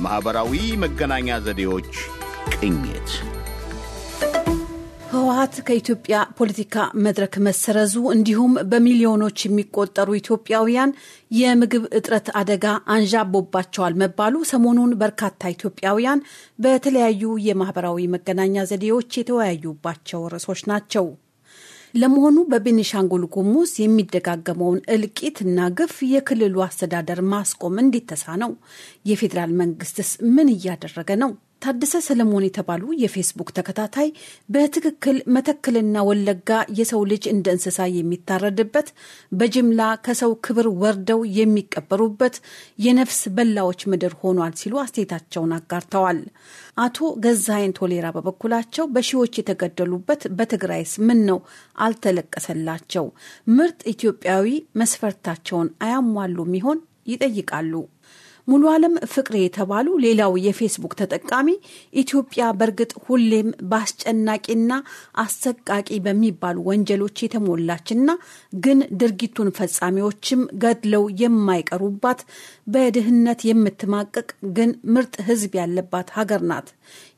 የማኅበራዊ መገናኛ ዘዴዎች ቅኝት ህወሀት ከኢትዮጵያ ፖለቲካ መድረክ መሰረዙ እንዲሁም በሚሊዮኖች የሚቆጠሩ ኢትዮጵያውያን የምግብ እጥረት አደጋ አንዣቦባቸዋል መባሉ ሰሞኑን በርካታ ኢትዮጵያውያን በተለያዩ የማህበራዊ መገናኛ ዘዴዎች የተወያዩባቸው ርዕሶች ናቸው። ለመሆኑ በቤኒሻንጉል ጉሙዝ የሚደጋገመውን እልቂት እና ግፍ የክልሉ አስተዳደር ማስቆም እንዲተሳ ነው? የፌዴራል መንግስትስ ምን እያደረገ ነው? ታደሰ ሰለሞን የተባሉ የፌስቡክ ተከታታይ በትክክል መተክልና ወለጋ የሰው ልጅ እንደ እንስሳ የሚታረድበት በጅምላ ከሰው ክብር ወርደው የሚቀበሩበት የነፍስ በላዎች ምድር ሆኗል ሲሉ አስተያየታቸውን አጋርተዋል። አቶ ገዛይን ቶሌራ በበኩላቸው በሺዎች የተገደሉበት በትግራይስ ምን ነው አልተለቀሰላቸው? ምርጥ ኢትዮጵያዊ መስፈርታቸውን አያሟሉም ይሆን? ይጠይቃሉ። ሙሉ አለም ፍቅሬ የተባሉ ሌላው የፌስቡክ ተጠቃሚ ኢትዮጵያ በእርግጥ ሁሌም በአስጨናቂና አሰቃቂ በሚባሉ ወንጀሎች የተሞላችና ግን ድርጊቱን ፈጻሚዎችም ገድለው የማይቀሩባት በድህነት የምትማቅቅ ግን ምርጥ ሕዝብ ያለባት ሀገር ናት።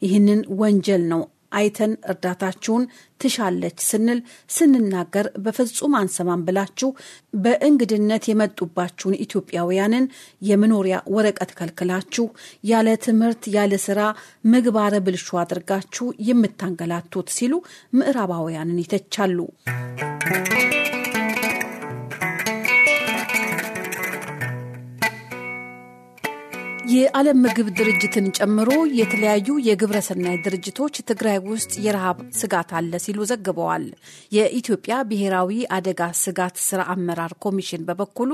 ይህንን ወንጀል ነው አይተን እርዳታችሁን ትሻለች ስንል ስንናገር በፍጹም አንሰማም ብላችሁ በእንግድነት የመጡባችሁን ኢትዮጵያውያንን የመኖሪያ ወረቀት ከልክላችሁ ያለ ትምህርት ያለ ስራ ምግባረ ብልሹ አድርጋችሁ የምታንገላቱት ሲሉ ምዕራባውያንን ይተቻሉ። የዓለም ምግብ ድርጅትን ጨምሮ የተለያዩ የግብረሰናይ ድርጅቶች ትግራይ ውስጥ የረሃብ ስጋት አለ ሲሉ ዘግበዋል። የኢትዮጵያ ብሔራዊ አደጋ ስጋት ስራ አመራር ኮሚሽን በበኩሉ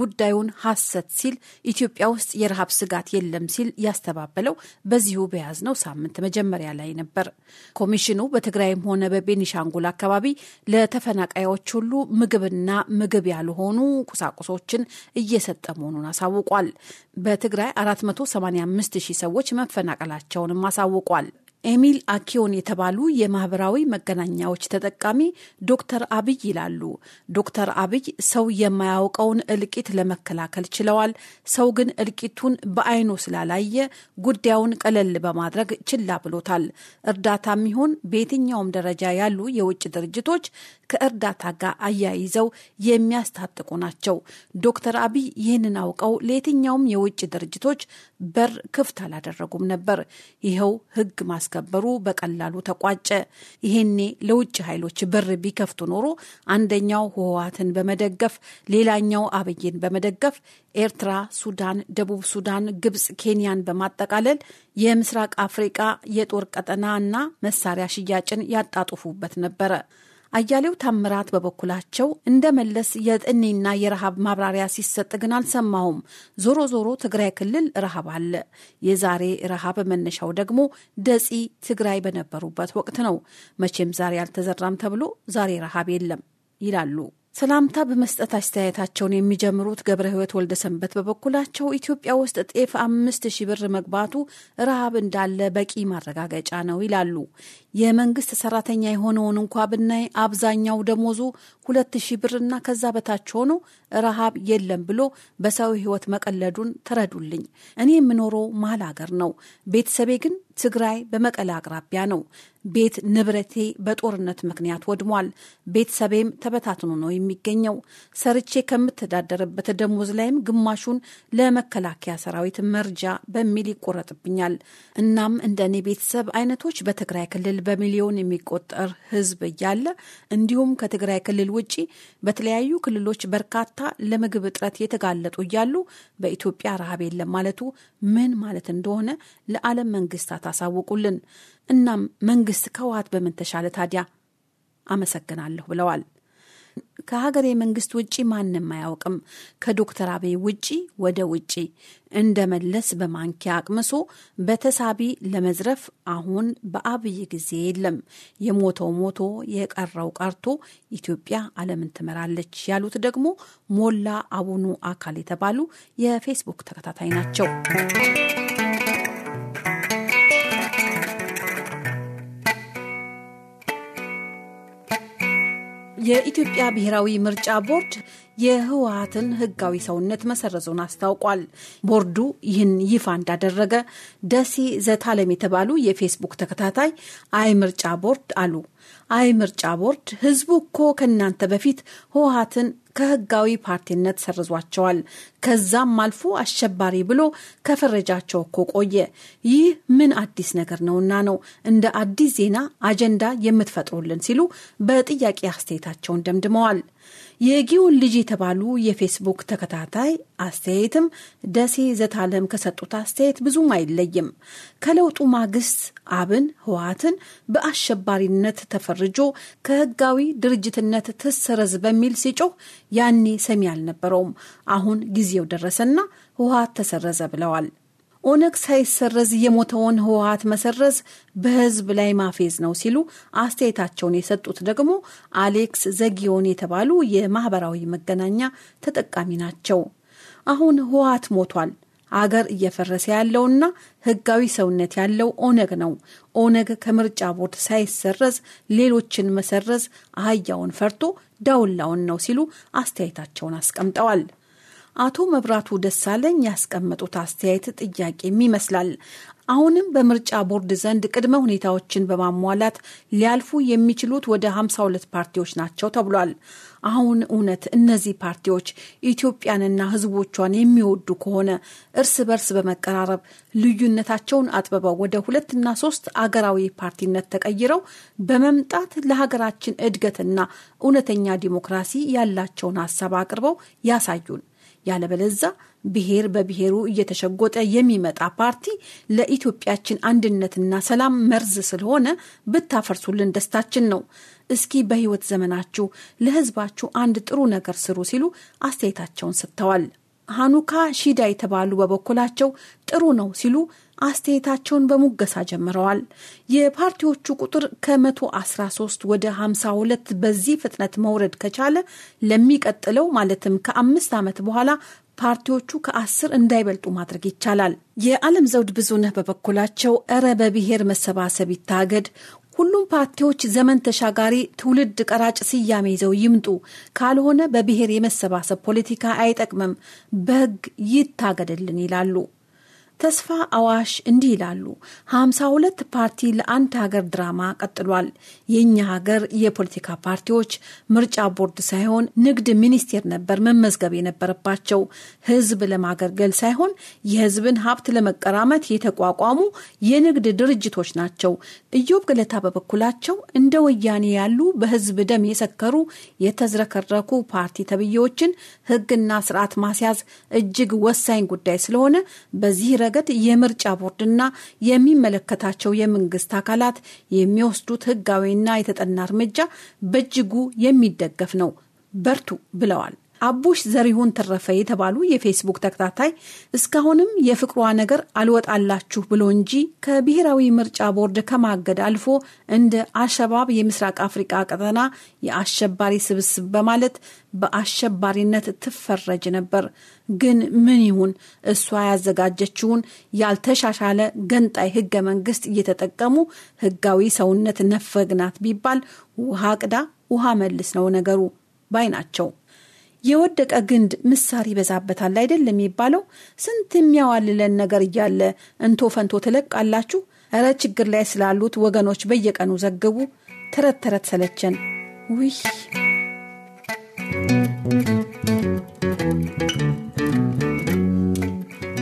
ጉዳዩን ሐሰት ሲል ኢትዮጵያ ውስጥ የረሃብ ስጋት የለም ሲል ያስተባበለው በዚሁ በያዝነው ሳምንት መጀመሪያ ላይ ነበር። ኮሚሽኑ በትግራይም ሆነ በቤኒሻንጉል አካባቢ ለተፈናቃዮች ሁሉ ምግብና ምግብ ያልሆኑ ቁሳቁሶችን እየሰጠ መሆኑን አሳውቋል። በትግራይ አራት 485 ሺህ ሰዎች መፈናቀላቸውንም አሳውቋል። ኤሚል አኪዮን የተባሉ የማህበራዊ መገናኛዎች ተጠቃሚ ዶክተር አብይ ይላሉ። ዶክተር አብይ ሰው የማያውቀውን እልቂት ለመከላከል ችለዋል። ሰው ግን እልቂቱን በአይኑ ስላላየ ጉዳዩን ቀለል በማድረግ ችላ ብሎታል። እርዳታም የሚሆን በየትኛውም ደረጃ ያሉ የውጭ ድርጅቶች ከእርዳታ ጋር አያይዘው የሚያስታጥቁ ናቸው። ዶክተር አብይ ይህንን አውቀው ለየትኛውም የውጭ ድርጅቶች በር ክፍት አላደረጉም ነበር። ይኸው ህግ ማስ ማስከበሩ በቀላሉ ተቋጨ። ይሄኔ ለውጭ ኃይሎች በር ቢከፍቱ ኖሮ አንደኛው ህወሓትን በመደገፍ ሌላኛው አብይን በመደገፍ ኤርትራ፣ ሱዳን፣ ደቡብ ሱዳን፣ ግብጽ፣ ኬንያን በማጠቃለል የምስራቅ አፍሪቃ የጦር ቀጠና እና መሳሪያ ሽያጭን ያጣጡፉበት ነበረ። አያሌው ታምራት በበኩላቸው እንደ መለስ የጥኔና የረሃብ ማብራሪያ ሲሰጥ ግን አልሰማሁም። ዞሮ ዞሮ ትግራይ ክልል ረሃብ አለ። የዛሬ ረሃብ መነሻው ደግሞ ደጺ ትግራይ በነበሩበት ወቅት ነው። መቼም ዛሬ አልተዘራም ተብሎ ዛሬ ረሃብ የለም ይላሉ። ሰላምታ በመስጠት አስተያየታቸውን የሚጀምሩት ገብረ ሕይወት ወልደ ሰንበት በበኩላቸው ኢትዮጵያ ውስጥ ጤፍ አምስት ሺህ ብር መግባቱ ረሃብ እንዳለ በቂ ማረጋገጫ ነው ይላሉ። የመንግስት ሰራተኛ የሆነውን እንኳ ብናይ አብዛኛው ደሞዙ ሁለት ሺህ ብርና ከዛ በታች ሆኖ ረሃብ የለም ብሎ በሰው ሕይወት መቀለዱን ተረዱልኝ። እኔ የምኖረው መሀል ሀገር ነው። ቤተሰቤ ግን ትግራይ በመቀለ አቅራቢያ ነው። ቤት ንብረቴ በጦርነት ምክንያት ወድሟል። ቤተሰቤም ተበታትኖ ነው የሚገኘው። ሰርቼ ከምተዳደርበት ደሞዝ ላይም ግማሹን ለመከላከያ ሰራዊት መርጃ በሚል ይቆረጥብኛል። እናም እንደ እኔ ቤተሰብ አይነቶች በትግራይ ክልል በሚሊዮን የሚቆጠር ሕዝብ እያለ እንዲሁም ከትግራይ ክልል ውጪ በተለያዩ ክልሎች በርካታ ለምግብ እጥረት የተጋለጡ እያሉ በኢትዮጵያ ረሃብ የለም ማለቱ ምን ማለት እንደሆነ ለዓለም መንግስታት አሳውቁልን። እናም መንግስት ከውሃት በምን ተሻለ ታዲያ? አመሰግናለሁ ብለዋል። ከሀገሬ መንግስት ውጪ ማንም አያውቅም። ከዶክተር አብይ ውጪ ወደ ውጪ እንደ መለስ በማንኪያ አቅምሶ በተሳቢ ለመዝረፍ አሁን በአብይ ጊዜ የለም። የሞተው ሞቶ የቀረው ቀርቶ ኢትዮጵያ ዓለምን ትመራለች ያሉት ደግሞ ሞላ አቡኑ አካል የተባሉ የፌስቡክ ተከታታይ ናቸው። የኢትዮጵያ ብሔራዊ ምርጫ ቦርድ የህወሀትን ህጋዊ ሰውነት መሰረዙን አስታውቋል። ቦርዱ ይህን ይፋ እንዳደረገ ደሴ ዘታለም የተባሉ የፌስቡክ ተከታታይ አይ ምርጫ ቦርድ አሉ። አይ ምርጫ ቦርድ ህዝቡ እኮ ከእናንተ በፊት ህወሀትን ከህጋዊ ፓርቲነት ሰርዟቸዋል። ከዛም አልፎ አሸባሪ ብሎ ከፈረጃቸው እኮ ቆየ። ይህ ምን አዲስ ነገር ነውና ነው እንደ አዲስ ዜና አጀንዳ የምትፈጥሩልን ሲሉ በጥያቄ አስተያየታቸውን ደምድመዋል። የጊዮን ልጅ የተባሉ የፌስቡክ ተከታታይ አስተያየትም ደሴ ዘታለም ከሰጡት አስተያየት ብዙም አይለይም። ከለውጡ ማግስት አብን ህወሓትን በአሸባሪነት ተፈርጆ ከህጋዊ ድርጅትነት ትሰረዝ በሚል ሲጮህ ያኔ ሰሚ አልነበረውም። አሁን ጊዜው ደረሰና ህወሓት ተሰረዘ ብለዋል። ኦነግ ሳይሰረዝ የሞተውን ህወሀት መሰረዝ በህዝብ ላይ ማፌዝ ነው ሲሉ አስተያየታቸውን የሰጡት ደግሞ አሌክስ ዘጊዮን የተባሉ የማህበራዊ መገናኛ ተጠቃሚ ናቸው። አሁን ህወሀት ሞቷል። አገር እየፈረሰ ያለውና ህጋዊ ሰውነት ያለው ኦነግ ነው። ኦነግ ከምርጫ ቦርድ ሳይሰረዝ ሌሎችን መሰረዝ አህያውን ፈርቶ ዳውላውን ነው ሲሉ አስተያየታቸውን አስቀምጠዋል። አቶ መብራቱ ደሳለኝ ያስቀመጡት አስተያየት ጥያቄም ይመስላል። አሁንም በምርጫ ቦርድ ዘንድ ቅድመ ሁኔታዎችን በማሟላት ሊያልፉ የሚችሉት ወደ 52 ፓርቲዎች ናቸው ተብሏል። አሁን እውነት እነዚህ ፓርቲዎች ኢትዮጵያንና ሕዝቦቿን የሚወዱ ከሆነ እርስ በርስ በመቀራረብ ልዩነታቸውን አጥብበው ወደ ሁለትና ሶስት አገራዊ ፓርቲነት ተቀይረው በመምጣት ለሀገራችን እድገትና እውነተኛ ዲሞክራሲ ያላቸውን ሀሳብ አቅርበው ያሳዩን። ያለበለዛ ብሔር በብሔሩ እየተሸጎጠ የሚመጣ ፓርቲ ለኢትዮጵያችን አንድነትና ሰላም መርዝ ስለሆነ ብታፈርሱልን ደስታችን ነው። እስኪ በህይወት ዘመናችሁ ለህዝባችሁ አንድ ጥሩ ነገር ስሩ ሲሉ አስተያየታቸውን ሰጥተዋል። ሃኑካ ሺዳ የተባሉ በበኩላቸው ጥሩ ነው ሲሉ አስተያየታቸውን በሙገሳ ጀምረዋል። የፓርቲዎቹ ቁጥር ከ113 ወደ 52 በዚህ ፍጥነት መውረድ ከቻለ ለሚቀጥለው ማለትም ከአምስት ዓመት በኋላ ፓርቲዎቹ ከአስር እንዳይበልጡ ማድረግ ይቻላል። የዓለም ዘውድ ብዙነህ በበኩላቸው እረ በብሔር መሰባሰብ ይታገድ ሁሉም ፓርቲዎች ዘመን ተሻጋሪ ትውልድ ቀራጭ ስያሜ ይዘው ይምጡ፣ ካልሆነ በብሔር የመሰባሰብ ፖለቲካ አይጠቅምም፣ በሕግ ይታገድልን ይላሉ። ተስፋ አዋሽ እንዲህ ይላሉ። ሀምሳ ሁለት ፓርቲ ለአንድ ሀገር ድራማ ቀጥሏል። የእኛ ሀገር የፖለቲካ ፓርቲዎች ምርጫ ቦርድ ሳይሆን ንግድ ሚኒስቴር ነበር መመዝገብ የነበረባቸው። ሕዝብ ለማገልገል ሳይሆን የሕዝብን ሀብት ለመቀራመት የተቋቋሙ የንግድ ድርጅቶች ናቸው። እዮብ ገለታ በበኩላቸው እንደ ወያኔ ያሉ በሕዝብ ደም የሰከሩ የተዝረከረኩ ፓርቲ ተብዬዎችን ሕግና ስርዓት ማስያዝ እጅግ ወሳኝ ጉዳይ ስለሆነ በዚህ ረገድ የምርጫ ቦርድና የሚመለከታቸው የመንግስት አካላት የሚወስዱት ህጋዊና የተጠና እርምጃ በእጅጉ የሚደገፍ ነው። በርቱ ብለዋል አቡሽ ዘሪሁን ተረፈ የተባሉ የፌስቡክ ተከታታይ እስካሁንም የፍቅሯ ነገር አልወጣላችሁ ብሎ እንጂ ከብሔራዊ ምርጫ ቦርድ ከማገድ አልፎ እንደ አሸባብ የምስራቅ አፍሪቃ ቀጠና የአሸባሪ ስብስብ በማለት በአሸባሪነት ትፈረጅ ነበር። ግን ምን ይሁን እሷ ያዘጋጀችውን ያልተሻሻለ ገንጣይ ህገ መንግስት እየተጠቀሙ ህጋዊ ሰውነት ነፈግናት ቢባል ውሃ ቅዳ ውሃ መልስ ነው ነገሩ ባይ ናቸው። የወደቀ ግንድ ምሳር ይበዛበታል አይደል የሚባለው? ስንት የሚያዋልለን ነገር እያለ እንቶ ፈንቶ ትለቃላችሁ። እረ ችግር ላይ ስላሉት ወገኖች በየቀኑ ዘግቡ። ተረት ተረት ሰለቸን። ውይ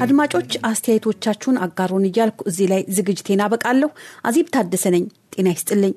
አድማጮች አስተያየቶቻችሁን አጋሩን እያልኩ እዚህ ላይ ዝግጅቴን አበቃለሁ። አዜብ ታደሰ ነኝ። ጤና ይስጥልኝ።